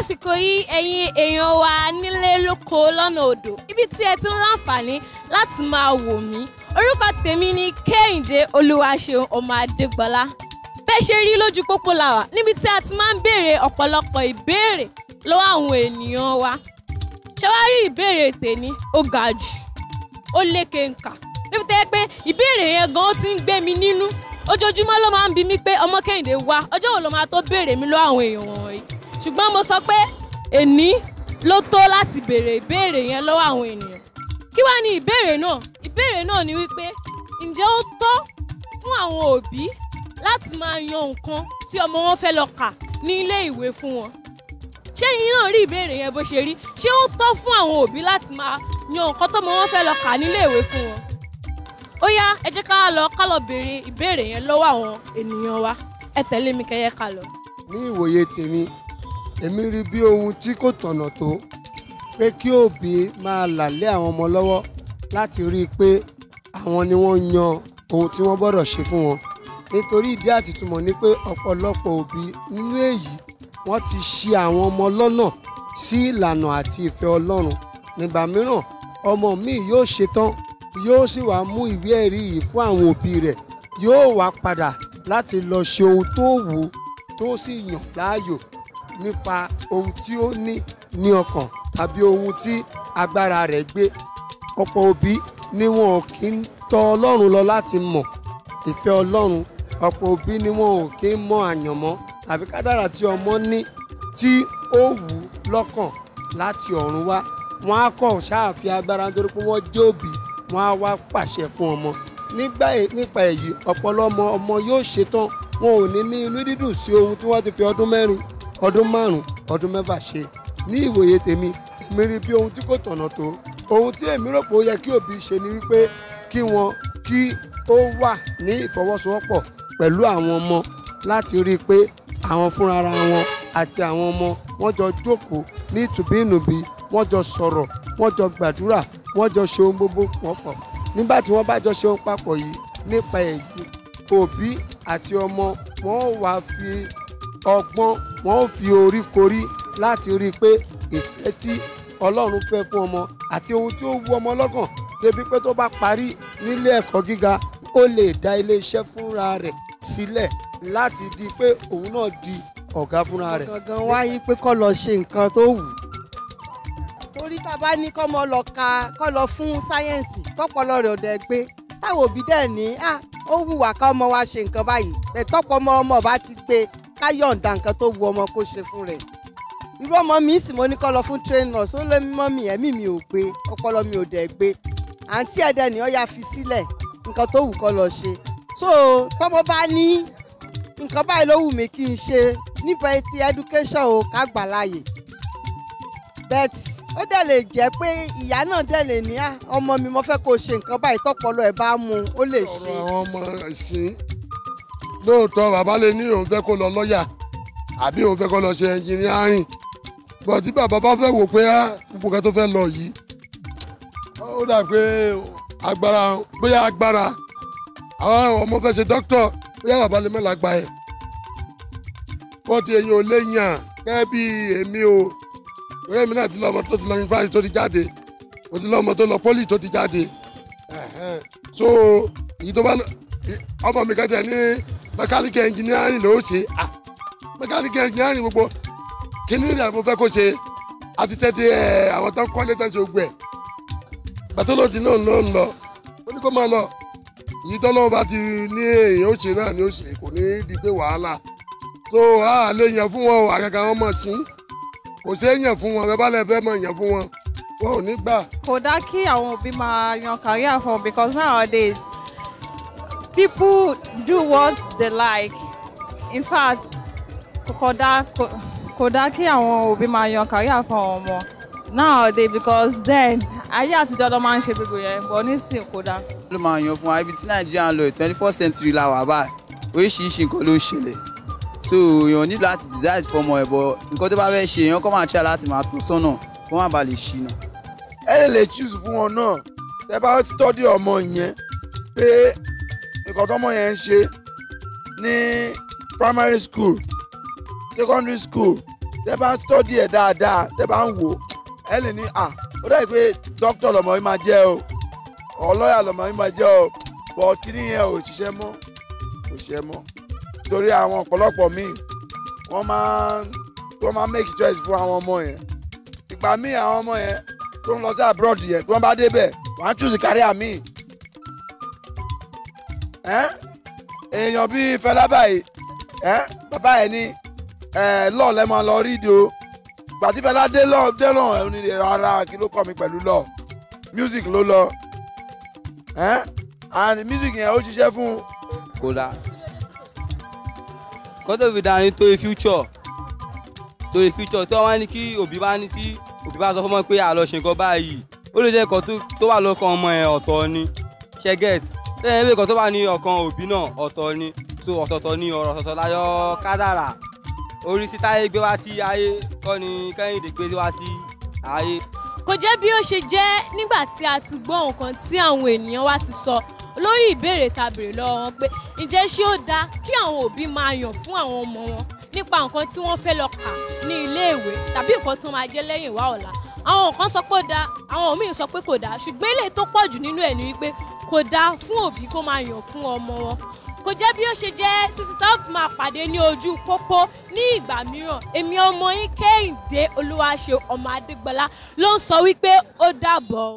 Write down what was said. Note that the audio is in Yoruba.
àsìkò yìí ẹ̀yin èèyàn wa nílé lóko lọ́nà odò ibi tí ẹ ti ń láǹfààní láti máa wò mí orúkọ tèmi ni Kẹ́hìndé Olúwaṣeun ọmọ Adégbọlá bẹ́ẹ̀ ṣe rí lójú pópó la wà níbi tí a ti máa ń béèrè ọ̀pọ̀lọpọ̀ ìbéèrè lọ́wọ́ àwọn ènìyàn wa ṣé ìbéèrè tèmi ó ga jù ó lékè nkà níbi tẹ́ pé ìbéèrè yẹn gan ó ti ń gbé mi nínú ojoojúmọ́ ló máa ń bi mí pé ọmọ Kẹ́hìndé wa ọjọ́ wo ló máa tó béèrè mi lọ́wọ́ àwọn èèyàn wọ̀nyí ṣùgbọ́n mo sọ pé èní ló tó láti béèrè ìbéèrè yẹn lọ́wọ́ àwọn ènìyàn kí wàá ní ìbéèrè náà ìbéèrè náà ni wípé ǹjẹ́ ó tọ́ fún àwọn òbí láti máa yan nǹkan tí ọmọ wọn fẹ́ lọ kà ní ilé ìwé fún wọn ṣé yín náà rí ìbéèrè yẹn bó ṣe rí ṣé ó tọ́ fún àwọn òbí láti máa yan nǹkan tọ́mọ wọn fẹ́ lọ kà nílé ìwé fún wọn ó yá ẹ jẹ́ ká lọ ká lọ béèrè ìbéèrè yẹn lọ́wọ́ àwọn ènìyàn wa ẹ tẹ̀lé mi kẹ́yẹ́ ká lọ. ní ìwòye tèmi èmi rí bí ohun tí kò tọ̀nà tó pé kí òbí máa là lé àwọn ọmọ lọ́wọ́ láti rí i pé àwọn ni wọ́n yan ohun tí wọ́n gbọ́dọ̀ ṣe fún wọn nítorí ìdí àtìtúmọ̀ ni pé ọ̀pọ̀lọpọ̀ òbí nínú èyí wọ́n ti ṣì àwọn ọmọ lọ́nà sí ìlànà àti ìfẹ́ Ọlọ́run nígbà mìíràn ọmọ mi yóò ṣetán yóò sì wá mú ìwé ẹ̀rí yìí fún àwọn òbí rẹ̀ yóò wá padà láti lọ ṣe ohun tó wù ú tó sì yàn láàyò nípa ohun tí ó ní ní ọkàn tàbí ohun tí agbára rẹ̀ gbé ọ̀pọ̀ òbí ni wọn ò kí ń tọ̀ ọlọ́run lọ láti mọ̀ ìfẹ́ ọlọ́run ọ̀pọ̀ òbí ni wọn ò kí ń mọ àyànmọ́ tàbí kádàrà tí ọmọ ní tí ó wù ú lọ́kàn láti ọ̀run wá wọn á kọ̀ ṣáàfi agbára nítorí pé wọ́n jẹ́ òbí wọn á wá pàṣẹ fún ọmọ nígbà nípa èyí ọ̀pọ̀lọpọ̀ ọmọ yóò ṣetán wọn ò ní ní inú dídùn sí ohun tí wọ́n ti fi ọdún mẹ́rin ọdún márùn ọdún mẹ́fà ṣe ní ìwòye tèmi èmi rí bí ohun tí kò tọ̀nà tó ohun tí èmi rò pé ó yẹ kí òbí ṣe ni wípé kí wọn kí ó wà ní ìfọwọ́sowọ́pọ̀ pẹ̀lú àwọn ọmọ láti rí i pé àwọn fúnra ara wọn àti àwọn ọmọ wọn jọ jókòó ní tùbínùbí wọn jọ sọ̀rọ̀ wọn jọ gbàdúrà wọn jọ ṣe ohun gbogbo pọ̀pọ̀ nígbà tí wọ́n bá jọ ṣe ohun papọ̀ yìí nípa èyí òbí àti ọmọ wọn ò fi ọgbọ́n wọ́n ó fi orí korí láti rí i pé ìfẹ́ tí ọlọ́run fẹ́ fún ọmọ àti ohun tí ó wú ọmọ lọ́kàn débi pé tó bá parí nílé ẹ̀kọ́ gíga ó lè dá iléeṣẹ́ fúnra rẹ̀ sílẹ̀ láti di pé òun náà di ọ̀gá fúnra rẹ̀. gangan wáyé pé kó lọ ṣe nǹkan tó wù. torí tá a bá ní kọ́mọ lọ ka kó lọ fún sáyẹ́ǹsì tọ́pọ̀lọ rẹ̀ ọ̀dẹ̀ gbé táwọn òbí dẹ̀ ní ah, ó wùwà ká ọmọ wa ṣe nǹkan báyìí bẹ̀ tọ́pọ̀ ọmọ ọmọ ọba ti gbé ká yọ̀ǹda nǹkan tó wu ọmọ kó ṣe fún rẹ̀ irú ọmọ mi sì mo ní kọ́ lọ fún train nurse ó lé mọ́ mi ẹ̀mí mi ò gbé ọpọlọ mi ò dẹ̀ gbé àǹtí ẹ̀dẹ̀ ni ó yá fi sílẹ̀ nǹkan tó wù kọ́ lọ ṣe so tọ́mọ bá ní nǹkan báyìí ló wù mí kí n ṣe nípa ti education o ká gbà láàyè bet ó dẹ̀ lè jẹ́ pé ìyá náà dẹ̀ lè ní ah, ọmọ mi mo fẹ́ kó o ṣe nǹkan báyìí tọ́pọ̀lọ ẹ̀ bá mú ó lè ṣe. ọ̀rọ̀ ọmọ rẹ̀ sí i lóòótọ́ bàbá lè ní òun fẹ́ kó lọ lọ́yà àbí òun fẹ́ kó lọ ṣe ẹnjìnírìn bọ̀ tí bàbá bá fẹ́ wò pé gbogbo kan tó fẹ́ lọ yìí ó dà pé agbára bóyá agbára àwọn ọmọ fẹ́ ṣe dókítọ̀ bóyá bàbá lè mẹ́la gba ẹ̀ bó ti èyàn ò léyàn gẹ́gẹ́ bí èmi o ọ̀rẹ́ mi náà ti lọ ọmọ tó ti lọ yunifásitì tó ti jáde ó ti lọ ọmọ tó lọ pólì tó ti jáde so èyí tó bá ọmọ mi kẹtẹ ní mẹkáníkì ẹnjìnírìn ló ṣe à mẹkáníkì ẹnjìnírìn gbogbo kíní ìrìn àbò fẹ́ kó ṣe àti tẹ́tí ẹ̀ àwọn tó kọ́lé tó ṣe gbẹ̀ bàtà ló ti náà ló ń lọ ó ní kó máa lọ yìí tọ́lọ́ bá ti ní èèyàn ó ṣe náà ni ó ṣe kò ní di pé wàhálà tó a lè yàn fún wọn àgàgà wọn mọ̀ sí kò sí èèyàn yàn fún wọn wọn ò ní gbà. kò dá kí àwọn òbí máa yan career for because nowadays people do what they like in fact kódà kódà kí àwọn òbí máa yan career fún àwọn ọmọ nowadays because then ayé àtijọ́ ló máa ń ṣe gbogbo yẹn but nísìnyí kódà. ló máa yan fún wa ibi tí nàìjíríà ń lọ twenty four century la wà báyìí oríṣiríṣi nǹkan ló ń ṣẹlẹ̀ so èèyàn nílò láti decide fọmọ ẹ̀ bọ̀ nǹkan tó bá fẹ́ ṣe èèyàn kọ́ máa try láti máa tó sọ́nà kó má bàa lè ṣìnà. ẹ lè lè choose fún wọn náà tẹ bá study ọmọ yẹn pé nǹkan tọ́mọ yẹn ń ṣe ní primary school secondary school tẹ bá ń study ẹ̀ dáadáa tẹ bá ń wò ẹ lè ní à ó dàbí pé dókítà lọmọ yìí máa jẹ́ o ọlọ́yà lọmọ yìí máa jẹ́ o bọ̀ kíní yẹn ò ṣiṣẹ́ mọ́ ò ṣiṣẹ́ mọ́ torí àwọn ọ̀pọ̀lọpọ̀ míì wọ́n máa wọ́n máa make choice fún àwọn ọmọ yẹn ìgbà míì àwọn ọmọ yẹn tó ń lọ sí abroad yẹn tí wọ́n bá débẹ̀ wọ́n á choose career míì èèyàn bíi Fẹlá báyìí bàbá ẹ̀ ní lọ́ọ̀ lẹ́ máa lọ rídìí o gbàtí Fẹlá dé lọ́ọ̀ dé lọ́ọ̀ ẹ̀ ní rárá kí ló kọ́ mi pẹ̀lú lọ́ọ̀ music ló lọ and music yẹn ó ṣiṣẹ́ fún. kò dáa kọ́tò fi dáa ní torí future torí future tí wọ́n wá ní kí òbí bá ní sí òbí bá sọ fún ọmọ pé àlọ́ ṣe nǹkan báyìí ó lè jẹ́ ẹ̀kọ́ tó wà lọ́kàn ọmọ ẹ̀ ọ̀tọ̀ ni ṣẹ́gẹ́sì lẹ́yìn eh, ìwé kan tó wà ní ọkàn òbí náà ọ̀tọ̀ ni so ọ̀tọ̀ọ̀tọ̀ ni ọ̀rọ̀ ọ̀tọ̀ọ̀tọ̀ láyọ̀ kádàrà orí sí táyé gbé wá sí ayé kọ́ ni kẹ́hìndé gbé wá sí ayé. kò jẹ́ bí ó ṣe jẹ́ nígbà tí a ti gbọ́ nǹkan tí àwọn ènìyàn wa ti sọ lórí ìbéèrè tàbèrè lọ́wọ́ wọn pé ǹjẹ́ ṣé ó dáa kí àwọn òbí máa yàn fún àwọn ọmọ wọn nípa nǹkan tí wọ́n fẹ́ lọ kà ní iléèwé tàbí nǹkan tó máa jẹ́ lẹ́yìn wá ọ̀la àwọn kan sọ pé ó dáa àwọn míì sọ pé kò dáa ṣùgbọ́n eléyìí tó pọ̀ jù nínú ẹ̀ ni wípé kò dáa fún òbí kó máa yàn fún ọmọ wọn kò jẹ́ bí ó ṣe jẹ́ títí tá a fi máa pàdé ní ojú pópó ní ìgbà mìíràn èmi ọmọ yín Kẹ́hìndé Olúwaṣeun ọmọ Adégbọlá ló ń sọ wípé ó dàbọ̀